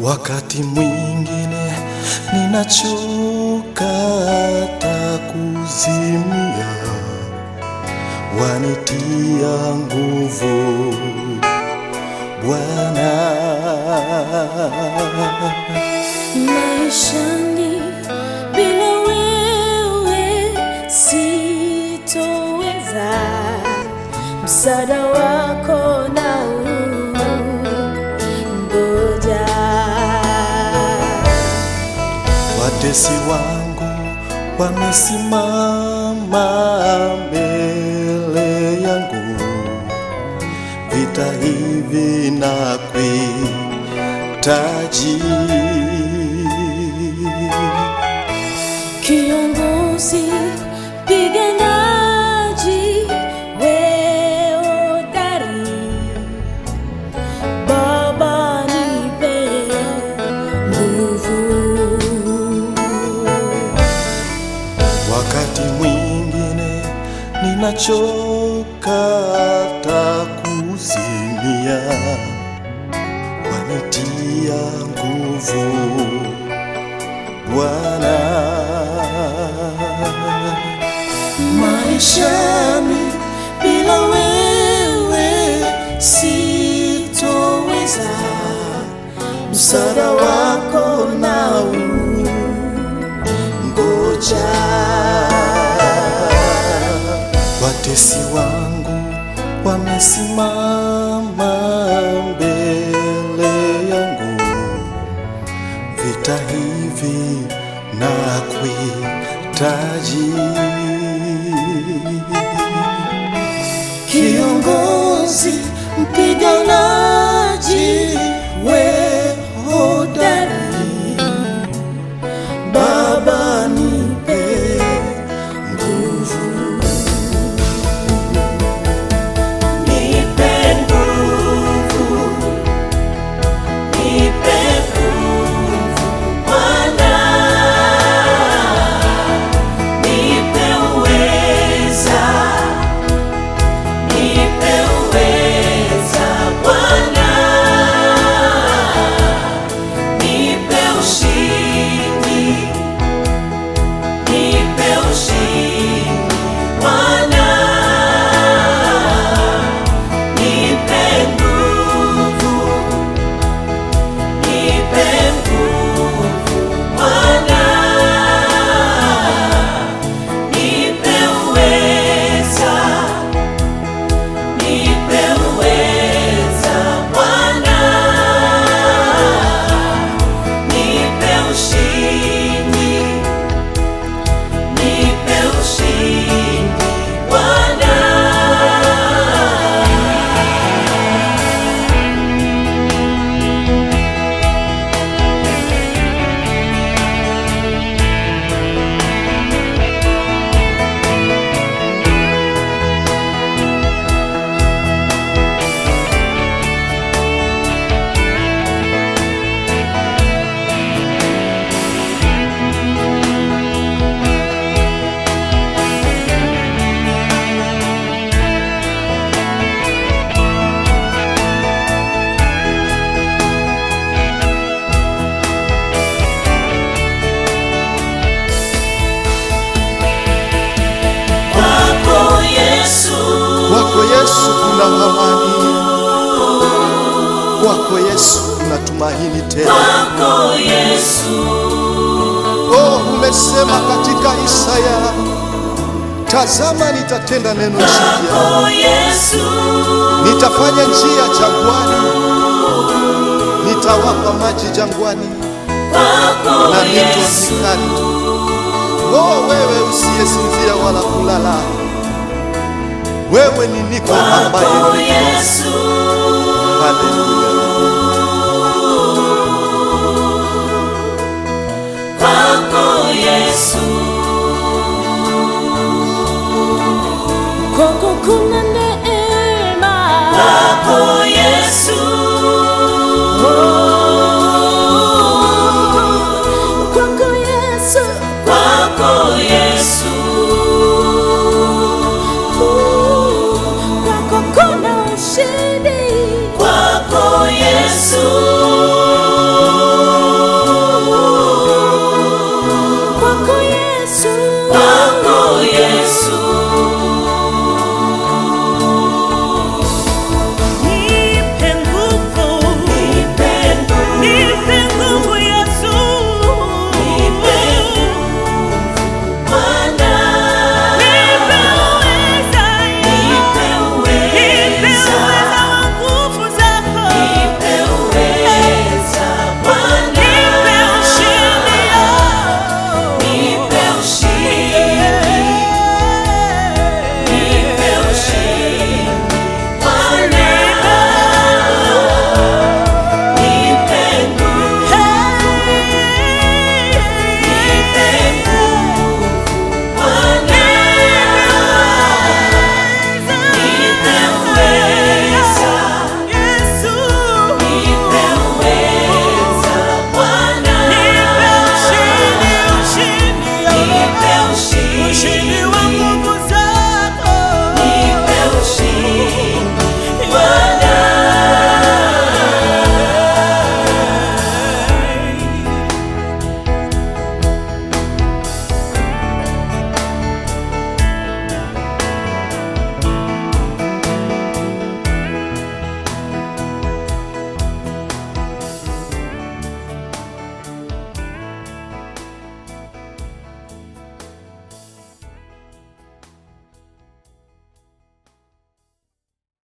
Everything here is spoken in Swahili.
Wakati mwingine ninachoka hata kuzimia, wanitia nguvu Bwana. ni bila wewe sitoweza, msaada wako Watesi wangu wamesimama mbele yangu, vita hivi na kuhitaji kiongozi, pigana nachoka kuzimia, wanitia nguvu Bwana. Maishani bila wewe sitoweza, msaada wako wamesimama mbele yangu, vita hivi na kuhitaji kiongozi mpiganaji wewe Kwako Yesu kuna amani, kwako Yesu kuna tumaini tena. Kwako Yesu, oh, umesema katika Isaya, tazama nitatenda neno jipya, nitafanya njia jangwani, nitawapa maji jangwani kwako na mito nyikani. Oh, wewe usiyesinzia wala kulala wewe ni niko ambaye Yesu. Haleluya. So.